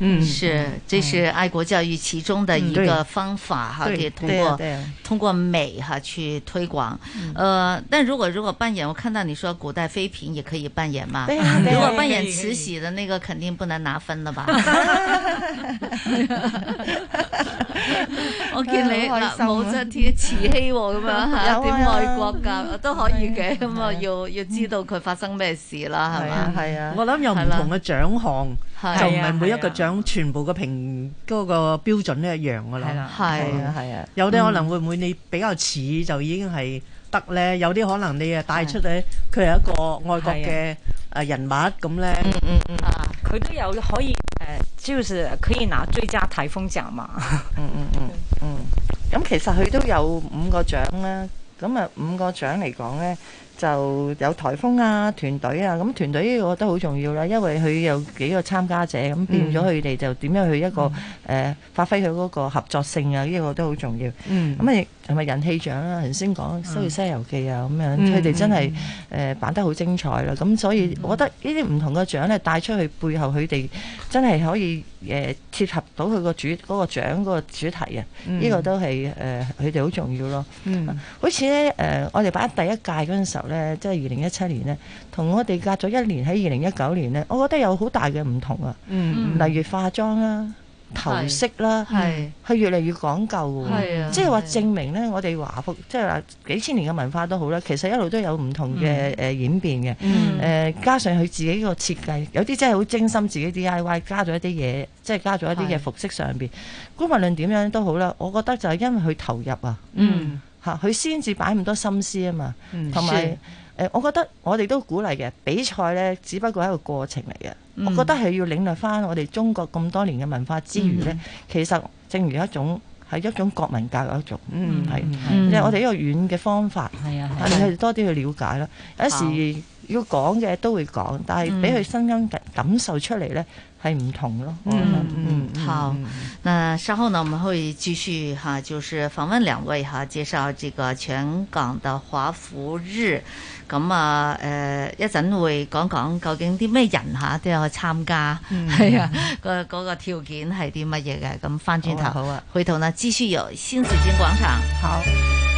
嗯，是，這是愛國教育其中的一個方法哈，可以通過通過美哈去推廣。呃，但如果如果扮演，我看到你說古代妃嬪也可以扮演嘛？如果扮演慈禧的那個，肯定不能拿分了吧？我見你冇武則天慈禧咁樣吓，有點愛國㗎，都可以嘅咁啊，要要知道佢發生咩事啦，係嘛？係啊，我諗有唔同嘅獎項，就唔係每一個獎。全部嘅評嗰個標準都一樣噶啦，係啊係啊，嗯、的的有啲可能會唔會你比較似就已經係得咧，嗯、有啲可能你啊帶出嚟，佢係一個外國嘅誒人物咁咧的、嗯，嗯嗯嗯，啊，佢都有可以誒，主、就、要是可以拿最佳台風獎嘛，嗯嗯嗯嗯，咁、嗯嗯嗯、其實佢都有五個獎啦，咁啊五個獎嚟講咧。就有颱風啊，團隊啊，咁團隊呢個都好重要啦，因為佢有幾個參加者，咁、嗯、變咗佢哋就點樣去一個誒、嗯呃、發揮佢嗰個合作性啊？呢、呢個都好重要。咁啊、嗯，係咪人氣獎啊？頭先講《西遊記》啊，咁、啊、樣佢哋、嗯、真係誒扮得好精彩啦。咁、嗯、所以，我覺得這些不呢啲唔同嘅獎咧，帶出去背後佢哋真係可以誒切、呃、合到佢個主嗰、嗰個獎、嗰個、主題啊。呢、嗯、個都係誒佢哋好重要咯。嗯、好似咧誒，我哋擺第一屆嗰陣時候。即係二零一七年呢，同我哋隔咗一年喺二零一九年呢，我覺得有好大嘅唔同啊。嗯、例如化妝啦、啊、頭飾啦、啊，係係越嚟越講究喎、啊。即係話證明呢，我哋華服即係話幾千年嘅文化都好啦，其實一路都有唔同嘅誒演變嘅。嗯、嗯、呃，加上佢自己個設計，有啲真係好精心自己 DIY，加咗一啲嘢，即係加咗一啲嘅服飾上邊。無論點樣都好啦，我覺得就係因為佢投入啊。嗯。嗯佢先至擺咁多心思啊嘛，同埋誒，我覺得我哋都鼓勵嘅比賽呢，只不過係一個過程嚟嘅。嗯、我覺得係要領略翻我哋中國咁多年嘅文化之餘呢，嗯、其實正如一種係一種國民教育一種，嗯係，即係我哋一個遠嘅方法，係啊，係、啊、多啲去了解咯。啊、有時要講嘅都會講，但係俾佢親身感受出嚟呢。係唔同咯，嗯嗯，好，嗯、那稍後呢我們會繼續哈、啊，就是訪問兩位哈、啊，介紹這個全港的華府日，咁啊，誒、呃，一陣會講講究竟啲咩人吓都有去參加，係、嗯嗯、啊，啊那那個嗰個條件係啲乜嘢嘅，咁翻轉頭、啊，好啊，回頭呢繼續有新紫荊廣場，好。好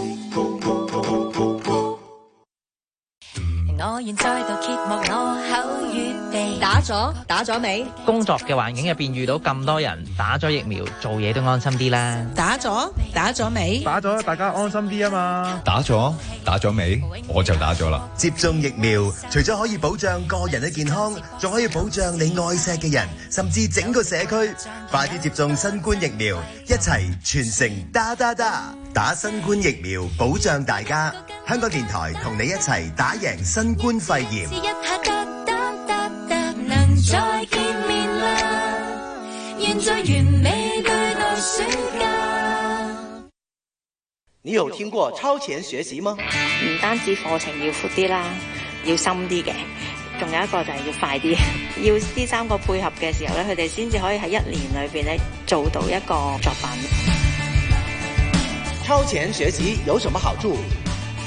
我願再度揭幕我口與鼻。打咗，打咗未？工作嘅環境入邊遇到咁多人，打咗疫苗做嘢都安心啲啦。打咗，打咗未？打咗，大家安心啲啊嘛。打咗，打咗未？我就打咗啦。接種疫苗，除咗可以保障個人嘅健康，仲可以保障你愛錫嘅人，甚至整個社區。快啲接種新冠疫苗，一齊全城打打打，打新冠疫苗保障大家。香港電台同你一齊打贏新冠肺炎。你有聽過超前學習嗎？唔單止課程要闊啲啦，要深啲嘅，仲有一個就係要快啲，要呢三個配合嘅時候咧，佢哋先至可以喺一年裏邊咧做到一個作品。超前學習有什麼好處？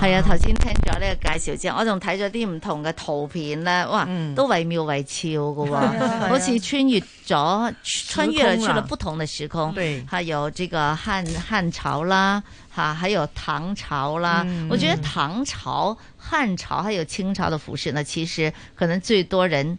係 啊，頭先、 哎、聽咗呢個介紹之後，我仲睇咗啲唔同嘅圖片咧，哇，嗯、都惟妙惟肖㗎，好似 穿越咗穿越咗去了不同的時空。對，還有這個漢漢朝啦，哈、啊，還有唐朝啦，嗯、我覺得唐朝、漢朝還有清朝的服飾呢，其實可能最多人。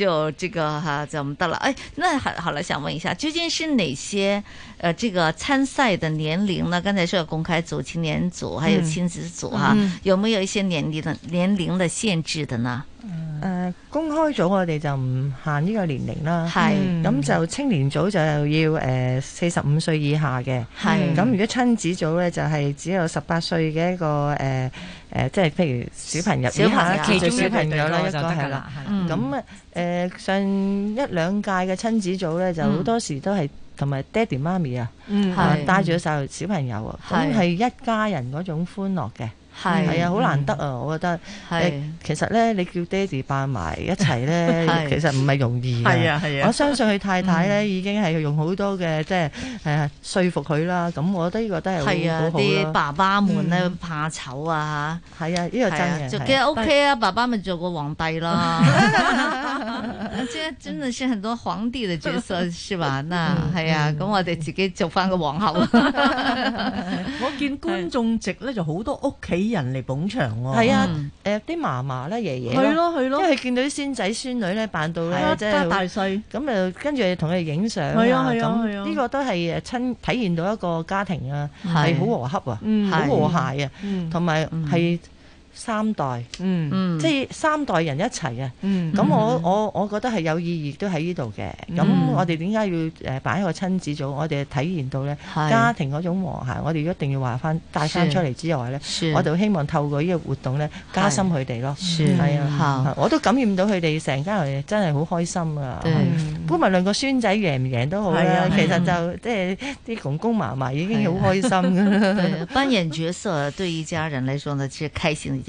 就這個哈，就唔得喇。哎，那好好了，想問一下，究竟是哪些，呃，這個參賽的年齡呢？剛才說有公開組、青年組還有親子組哈、嗯嗯啊，有沒有一些年齡的年齡的限制的呢？誒、呃，公開組我哋就唔限呢個年齡啦。係咁是就青年組就要誒四十五歲以下嘅。係咁是如果親子組呢就係、是、只有十八歲嘅一個誒。呃誒、呃，即係譬如小朋友，小朋友最小朋友啦，一個係啦，咁啊、嗯，誒、呃、上一兩屆嘅親子組咧，就好多時都係同埋爹哋媽咪啊，嗯、帶住個細小朋友，咁係、嗯、一家人嗰種歡樂嘅。係，啊，好難得啊！我覺得，係，其實咧，你叫爹哋扮埋一齊咧，其實唔係容易啊。係啊，係啊，我相信佢太太咧，已經係用好多嘅，即係係啊，說服佢啦。咁，我覺得呢個都係係啊，啲爸爸們咧怕醜啊，吓，係啊，呢個真嘅。做嘅 OK 啊，爸爸咪做個皇帝咯。即係真的先，很多皇帝嘅角色，是玩啊。嗱，係啊，咁我哋自己做翻個皇后。我見觀眾席咧就好多屋企人嚟捧場喎，係啊，誒，啲嫲嫲咧、爺爺，係咯係咯，因為見到啲孫仔孫女咧，扮到咧即係大細咁啊，跟住同佢哋影相啊，啊，呢個都係誒親體現到一個家庭啊，係好和洽啊，好和諧啊，同埋係。三代，嗯，即係三代人一齊嘅，咁我我我覺得係有意義，都喺呢度嘅。咁我哋點解要擺一個親子組？我哋體驗到咧家庭嗰種和諧，我哋一定要話翻帶翻出嚟之外咧，我哋希望透過呢個活動咧加深佢哋咯。係啊，我都感染到佢哋成家人真係好開心啊！不過兩個孫仔贏唔贏都好。其實就即係啲公公嫲嫲已經好開心。扮演角色對一家人嚟講其實開心。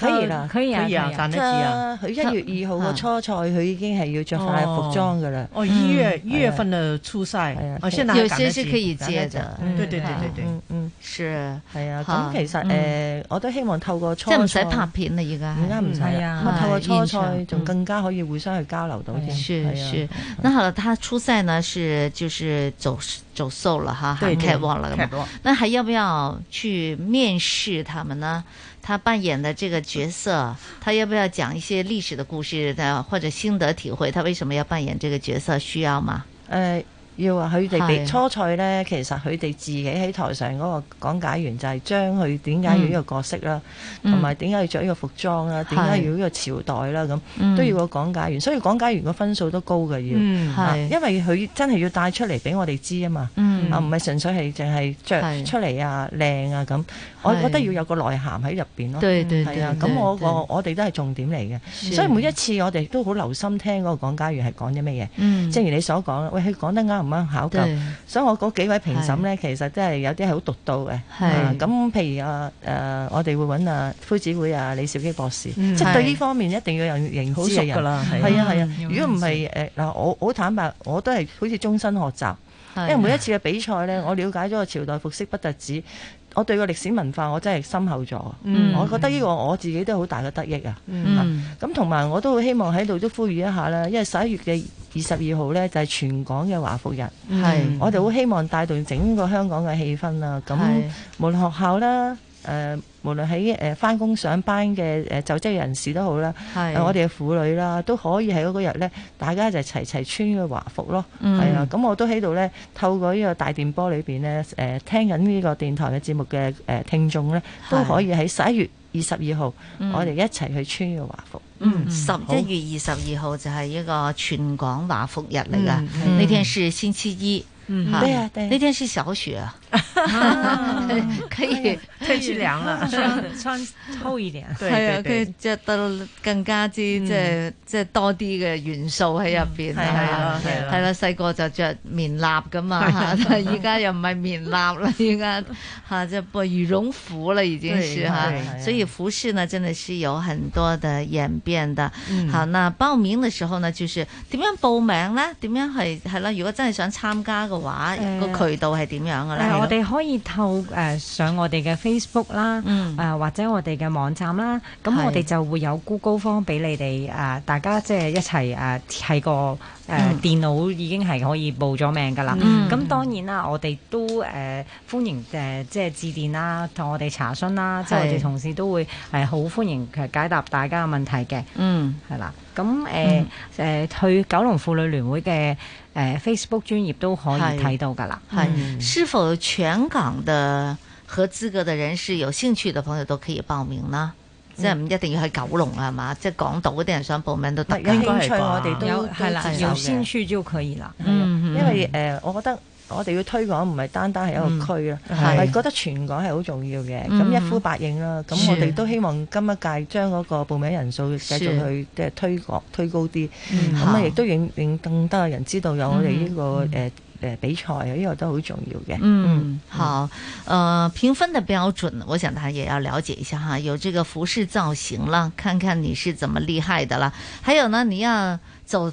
可以了，可以啊，可以啊，賺得啊！佢一月二號個初賽，佢已經係要着曬服裝嘅啦。哦，一月一月份就初賽，我先嗱賺得有些是可以接嘅，嗯，係啊。嗯，是，係啊。咁其實誒，我都希望透過初即係唔使拍片啦，而家而家唔使啊。透過初賽仲更加可以互相去交流到啲。是是，那好啦，他初賽呢是就是走走秀啦，哈，太旺啦，太多。那還要不要去面試他們呢？他扮演的這個角色，他要不要講一些歷史的故事，或者心得體會？他為什麼要扮演這個角色？需要嗎？誒、呃，要啊！佢哋比初賽呢，其實佢哋自己喺台上嗰個講解員就係將佢點解要呢個角色啦，同埋點解要着呢個服裝啦、啊，點解、嗯、要呢個朝代啦、啊，咁、嗯、都要個講解員。所以講解員個分數都高嘅要、嗯啊，因為佢真係要帶出嚟俾我哋知啊嘛，嗯、啊唔係純粹係淨係着出嚟啊靚、嗯、啊咁。我覺得要有個內涵喺入邊咯，係啊，咁我個我哋都係重點嚟嘅，所以每一次我哋都好留心聽嗰個講解員係講啲咩嘢，正如你所講，喂佢講得啱唔啱考究，所以我嗰幾位評審咧，其實都係有啲係好獨到嘅，係咁譬如啊誒，我哋會揾啊灰子會啊李兆基博士，即係對呢方面一定要有認知好熟噶啦，係啊係啊，如果唔係誒嗱，我好坦白，我都係好似終身學習，因為每一次嘅比賽咧，我了解咗個朝代服飾不特止。我對個歷史文化我真係深厚咗，嗯、我覺得呢個我自己都好大嘅得益、嗯、啊。咁同埋我都會希望喺度都呼籲一下啦。因為十一月嘅二十二號呢，就係、是、全港嘅華服日，係是我哋好希望帶動整個香港嘅氣氛啦。咁是無論學校啦。誒、呃，無論喺誒返工上班嘅誒就職人士都好是、呃、的啦，我哋嘅婦女啦都可以喺嗰日咧，大家就齊齊穿個華服咯，係、嗯、啊。咁我都喺度咧，透過呢個大電波裏邊咧，誒、呃、聽緊呢個電台嘅節目嘅誒、呃、聽眾咧，都可以喺十一月二十二號，我哋一齊去穿個華服。嗯，十一、嗯、好月二十二號就係一個全港華服日嚟㗎。呢天是星期一。嗯嗯，對啊，對，那天是小雪，可以退去涼了穿穿厚一點，係啊，可以着得更加之即係即係多啲嘅元素喺入邊，係啊，係啊，係啦，細個就着棉衲噶嘛，但係依家又唔係棉衲啦，依家吓即係播羽絨服啦，已經是吓，所以服飾呢，真的是有很多的演變的，好嗱，報名嘅時候呢，就是點樣報名咧？點樣係係啦？如果真係想參加嘅。話個哇、呃、渠道係點樣嘅咧、呃的呃？我哋可以透誒、呃、上我哋嘅 Facebook 啦，誒、嗯呃、或者我哋嘅網站啦。咁是我哋就會有 Google Form 俾你哋誒、呃，大家即係一齊誒喺個誒電腦已經係可以報咗名噶啦。咁、嗯嗯、當然啦，我哋都誒、呃、歡迎誒即係致電啦，同我哋查詢啦。即係是我哋同事都會係好、呃、歡迎解答大家嘅問題嘅。嗯，係啦。咁誒誒去九龍婦女聯會嘅。誒、哎、Facebook 專頁都可以睇到噶啦，係是，是，是否全港嘅、合資格嘅人士，有興趣嘅朋友都可以報名啦？嗯、即係唔一定要喺九龍啊，係嘛？即係港島嗰啲人想報名都得嘅，有興趣我哋都有，有興趣就可以啦。的嗯，嗯因為誒、呃，我覺得。我哋要推廣，唔係單單係一個區啦，係、嗯、覺得全港係好重要嘅，咁、嗯、一呼百應啦。咁是我哋都希望今一屆將嗰個報名人數繼續去即係推廣是推高啲，咁啊亦都令令更多人知道有我哋呢、這個誒誒比賽啊，呢個都好重要嘅。嗯，好，誒、呃、評分嘅標準，我想大家也要了解一下哈。有這個服飾造型啦，看看你是怎麼厲害的啦。還有呢，你要走。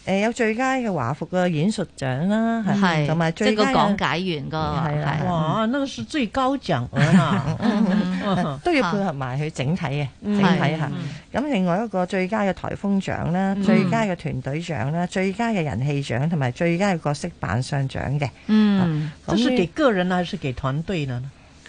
誒、呃，有最佳嘅華服嘅演術獎啦，係同埋最佳嘅講、就是、解員個、啊，哇，那個是最高獎啊， 都要配合埋佢整體嘅是整體吓。咁是另外一個最佳嘅台風獎啦、啊，嗯、最佳嘅團隊獎啦，嗯、最佳嘅人氣獎同埋最佳嘅角色扮相獎嘅。嗯，啊、這是給個人呢，還是給團隊呢？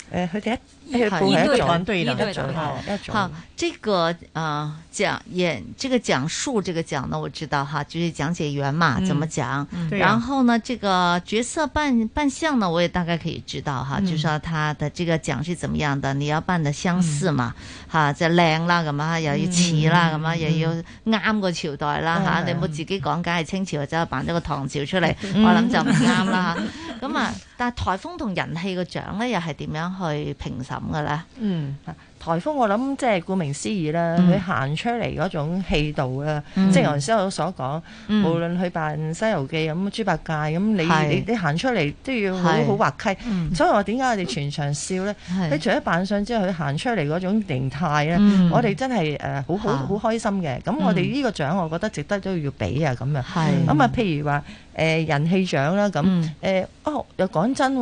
誒、嗯，佢哋一。一隊一隊啦，好，好，這個啊講演，這個講述這個獎呢，我知道哈，就是講解員嘛，怎麼講，然後呢，這個角色扮扮相呢，我也大概可以知道哈，就說他的這個獎是怎麼樣的，你要扮得相似嘛，吓即係靚啦咁啊，又要似啦咁啊，又要啱個朝代啦吓，你冇自己講，梗係清朝或者扮咗個唐朝出嚟，我諗就唔啱啦咁啊，但係台風同人氣個獎呢，又係點樣去評審？咁噶啦，嗯，台風我諗即係顧名思義啦，佢行出嚟嗰種氣度啦，即係頭先我所講，無論佢扮《西遊記》咁、豬八戒咁，你你行出嚟都要好好滑稽。所以話點解我哋全場笑咧？佢除咗扮相之外，佢行出嚟嗰種形態咧，我哋真係誒好好好開心嘅。咁我哋呢個獎，我覺得值得都要俾啊咁啊。咁啊，譬如話誒人氣獎啦，咁誒哦，又講真，如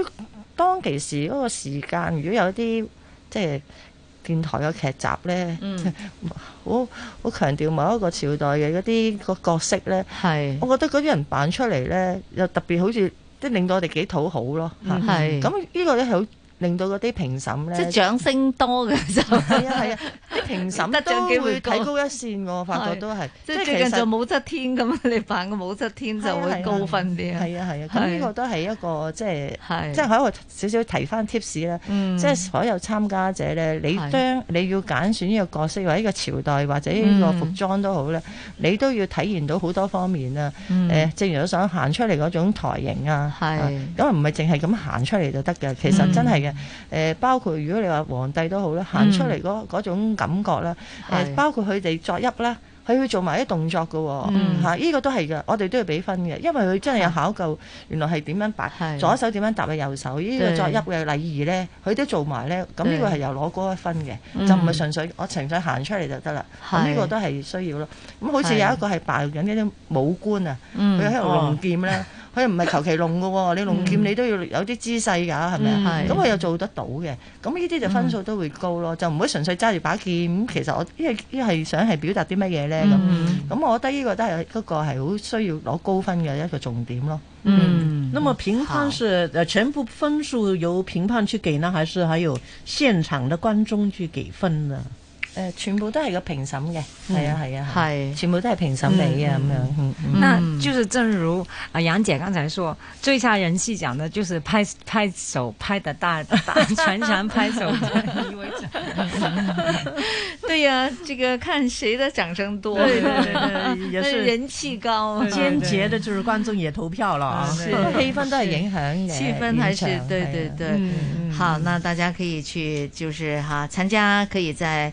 果。當其時嗰個時間，如果有啲即係電台嘅劇集咧，好好、嗯、 強調某一個朝代嘅嗰啲個角色咧，是我覺得嗰啲人扮出嚟呢，又特別好似即令到我哋幾討好咯嚇。咁呢、嗯、個呢，係好。令到嗰啲評審咧，即係掌聲多嘅就係啊！係啊！啲評審都會提高一線，我發覺都係即係其實就武則天咁啊！你扮個武則天就會高分啲係啊！係啊！咁呢個都係一個即係即係喺度少少提翻 tips 啦。即係所有參加者咧，你將你要揀選呢個角色，或者呢個朝代，或者呢個服裝都好咧，你都要體現到好多方面啊！誒正如你想行出嚟嗰種台型啊，咁啊唔係淨係咁行出嚟就得嘅，其實真係。誒，包括如果你話皇帝都好啦，行出嚟嗰嗰種感覺啦，誒，包括佢哋作揖啦，佢要做埋啲動作㗎，吓呢個都係嘅，我哋都要俾分嘅，因為佢真係有考究，原來係點樣擺，左手點樣搭嘅右手，呢個作揖嘅禮儀咧，佢都做埋咧，咁呢個係又攞高一分嘅，就唔係純粹我情緒行出嚟就得啦，咁呢個都係需要咯，咁好似有一個係扮緊呢啲武官啊，佢喺度弄劍咧。佢唔係求其弄噶喎，你弄劍你都要有啲姿勢㗎，係咪啊？咁佢又做得到嘅，咁呢啲就分數都會高咯，嗯、就唔會純粹揸住把劍。其實我一係一係想係表達啲乜嘢咧咁。咁、嗯、我覺得呢個都係一個係好需要攞高分嘅一個重點咯。嗯，咁啊、嗯，評判是誒好、呃、全部分數由評判去給呢，還是還有現場的觀眾去給分呢？誒，全部都係個評審嘅，係啊係啊，係全部都係評審你嘅咁樣。嗯，那就是正如啊楊姐剛才說，最差人氣獎呢，就是拍拍手拍得大，全場拍手。對呀，這個看誰的掌聲多，也是人氣高。堅決的就是觀眾也投票啦。啊，氣氛都係影響嘅，氣氛還是對對對。好，那大家可以去就是哈參加，可以在。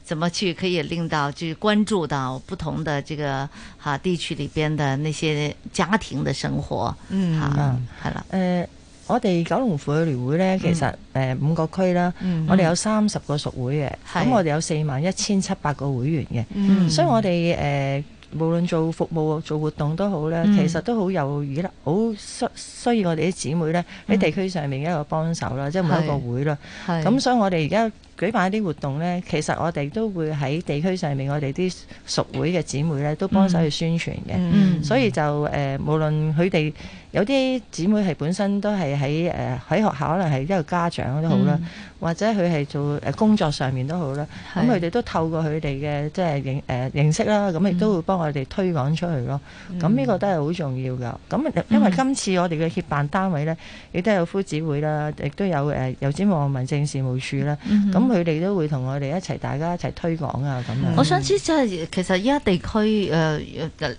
怎麼去可以令到去關注到不同的這個、啊、地區裏邊的那些家庭的生活？嗯，好，誒，我哋九龍婦女聯會呢，其實誒、呃、五個區啦，嗯、我哋有三十個屬會嘅，咁、嗯、我哋有四萬一千七百個會員嘅，嗯、所以我哋誒。呃無論做服務做活動都好咧，嗯、其實都好有意啦，好需需要我哋啲姊妹咧喺地區上面一個幫手啦，即係、嗯、每一個會啦。咁是所以我哋而家舉辦一啲活動咧，其實我哋都會喺地區上面我哋啲熟會嘅姊妹咧都幫手去宣傳嘅。嗯嗯、所以就誒、呃，無論佢哋有啲姊妹係本身都係喺誒喺學校，可能係一個家長都好啦。嗯或者佢係做誒工作上面都好啦，咁佢哋都透過佢哋嘅即係認誒認識啦，咁亦都會幫我哋推廣出去咯。咁呢、嗯、個都係好重要噶。咁、嗯、因為今次我哋嘅協辦單位咧，亦都有夫子會啦，亦都有誒油尖旺民政事務處啦，咁佢哋都會同我哋一齊，大家一齊推廣啊咁樣。我想知即係其實依家地區誒、呃、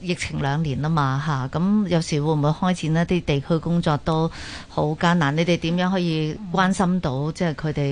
疫情兩年啦嘛嚇，咁、啊、有時會唔會開展一啲地區工作都好艱難？你哋點樣可以關心到、嗯、哼即係佢哋？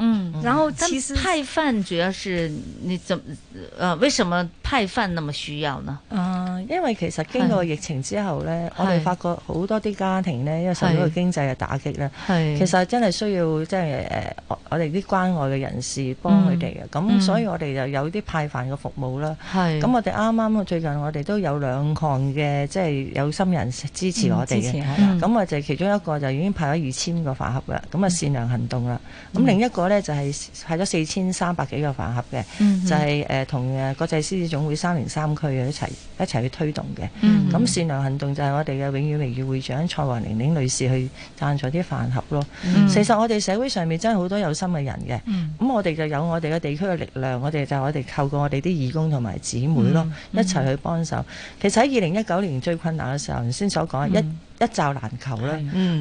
嗯，然後其實派飯主要是你怎麼，誒、呃，為什麼派飯那麼需要呢？啊、呃，因為其實經過疫情之後咧，是我哋發覺好多啲家庭咧，因為受到個經濟嘅打擊咧，係，其實真係需要即係誒，我我哋啲關愛嘅人士幫佢哋嘅，咁、嗯、所以我哋就有啲派飯嘅服務啦。係是，咁我哋啱啱最近我哋都有兩項嘅即係有心人士支持我哋嘅，咁啊、嗯嗯、就其中一個就已經派咗二千個飯盒啦，咁啊善良行動啦，咁、嗯、另一個。咧就係派咗四千三百幾個飯盒嘅，就係誒同誒國際獅子總會三零三區嘅一齊一齊去推動嘅。咁、mm hmm. 善良行動就係我哋嘅永遠榮譽會長蔡華玲玲女士去贊助啲飯盒咯。Mm hmm. 其實我哋社會上面真係好多有心嘅人嘅。咁、mm hmm. 我哋就有我哋嘅地區嘅力量，我哋就係我哋透過我哋啲義工同埋姊妹咯，mm hmm. 一齊去幫手。其實喺二零一九年最困難嘅時候，先所講一。Mm hmm. 一罩難求啦，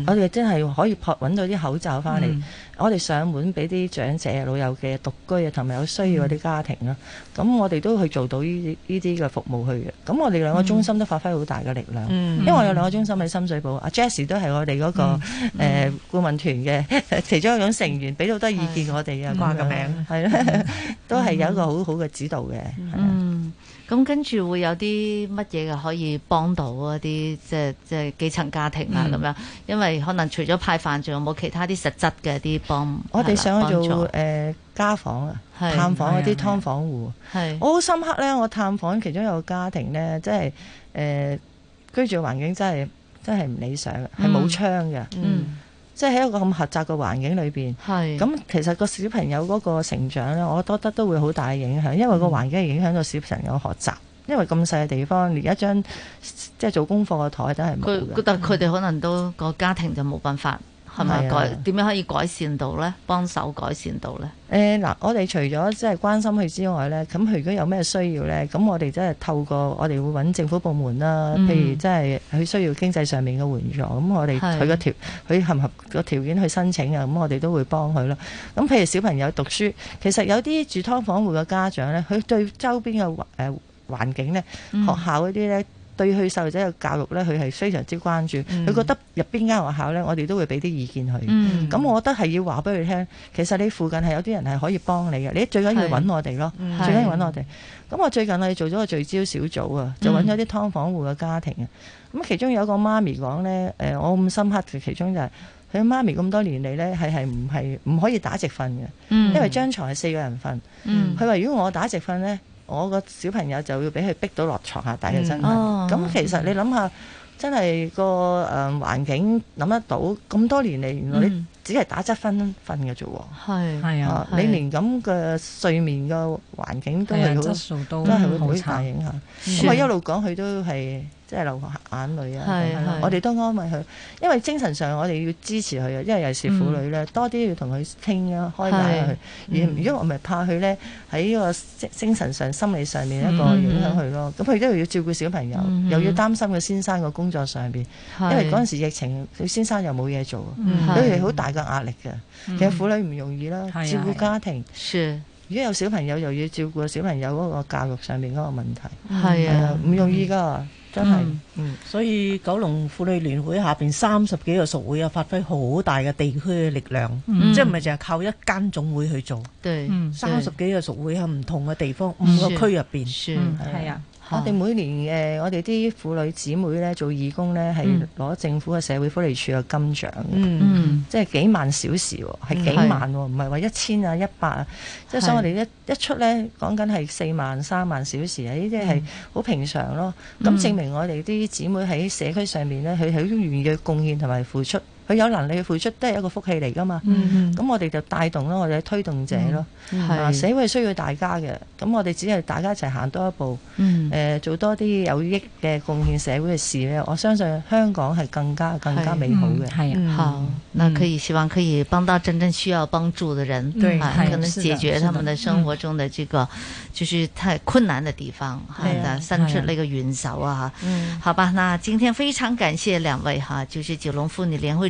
我哋真係可以撲揾到啲口罩翻嚟，我哋上門俾啲長者、老友嘅獨居啊，同埋有需要嗰啲家庭啦。咁我哋都去做到呢啲呢啲嘅服務去嘅。咁我哋兩個中心都發揮好大嘅力量，因為我哋有兩個中心喺深水埗，阿 Jess 都係我哋嗰個誒顧問團嘅其中一種成員，俾到多意見我哋啊，掛個名，係都係有一個好好嘅指導嘅。嗯。咁跟住會有啲乜嘢嘅可以幫到嗰啲即係即係基層家庭啊，咁樣，嗯、因為可能除咗派飯，仲有冇其他啲實質嘅啲幫？我哋想去做助、呃、家訪啊，是探訪嗰啲劏房戶。係是，我好深刻咧，我探訪其中有個家庭咧，即係、呃、居住環境真係真係唔理想嘅，係冇窗嘅。嗯。即係喺一個咁狹窄嘅環境裏邊，咁是其實個小朋友嗰個成長咧，我覺得都會好大嘅影響，因為個環境係影響到小朋友學習。因為咁細嘅地方，連一張即係做功課嘅台都係冇嘅。但佢哋可能都個家庭就冇辦法。係咪改點、啊、樣可以改善到咧？幫手改善到咧？嗱、呃，我哋除咗即係關心佢之外咧，咁佢如果有咩需要咧，咁我哋即係透過我哋會揾政府部門啦。嗯、譬如即係佢需要經濟上面嘅援助，咁我哋佢個條佢合唔合個條件去申請啊？咁我哋都會幫佢咯。咁譬如小朋友讀書，其實有啲住㓥房戶嘅家長咧，佢對周邊嘅誒、呃、環境咧，學校嗰啲咧。嗯對佢細路仔嘅教育咧，佢係非常之關注。佢覺得入邊間學校咧，我哋都會俾啲意見佢。咁、嗯、我覺得係要話俾佢聽，其實你附近係有啲人係可以幫你嘅。你最緊要搵我哋咯，是最緊要搵我哋。咁是我最近我哋做咗個聚焦小組啊，就搵咗啲劏房戶嘅家庭啊。咁、嗯、其中有一個媽咪講咧，誒、呃、我咁深刻嘅其中就係、是、佢媽咪咁多年嚟咧，係係唔係唔可以打直瞓嘅，嗯、因為張床係四個人瞓。佢話、嗯、如果我打直瞓咧。我個小朋友就要俾佢逼到落床下底嘅身份。咁、嗯哦、其實你諗下，真係個誒環境諗得到，咁多年嚟，原來你、嗯只係打側分瞓嘅啫喎，係，係啊，你連咁嘅睡眠嘅環境都係好，質素都都係會好大影響。咁我一路講佢都係即係流眼淚啊，我哋都安慰佢，因為精神上我哋要支持佢啊。因為尤其是婦女咧，多啲要同佢傾啊，開解佢。如果我咪怕佢咧喺呢個精神上、心理上面一個影響佢咯。咁佢都要照顧小朋友，又要擔心佢先生個工作上邊，因為嗰陣時疫情，佢先生又冇嘢做，佢好大壓力嘅，其實婦女唔容易啦，照顧家庭，如果有小朋友又要照顧小朋友嗰個教育上面嗰個問題，係啊，唔容易噶，真係。所以九龍婦女聯會下邊三十幾個屬會啊，發揮好大嘅地區嘅力量，即係唔係淨係靠一間總會去做，三十幾個屬會喺唔同嘅地方，五個區入邊，係啊。我哋每年誒，我哋啲婦女姊妹咧做義工咧，係攞、嗯、政府嘅社會福利署嘅金獎，嗯，即係幾萬小時喎、啊，係幾萬喎、啊，唔係話一千啊、一百啊，即係的所以我哋一一出咧，講緊係四萬、三萬小時，呢啲係好平常咯。咁、嗯、證明我哋啲姊妹喺社區上面咧，佢係願意去貢獻同埋付出。佢有能力去付出都係一個福氣嚟噶嘛，咁我哋就帶動咯，我哋推動者咯，社會需要大家嘅，咁我哋只係大家一齊行多一步，誒做多啲有益嘅貢獻社會嘅事咧，我相信香港係更加更加美好嘅。係啊，好，那可以希望可以幫到真正需要幫助的人，對，可能解決他們的生活中的這個，就是太困難的地方，係，伸出呢個援手啊，嗯，好吧，嗱今天非常感謝兩位吓，就是九龍婦女聯會。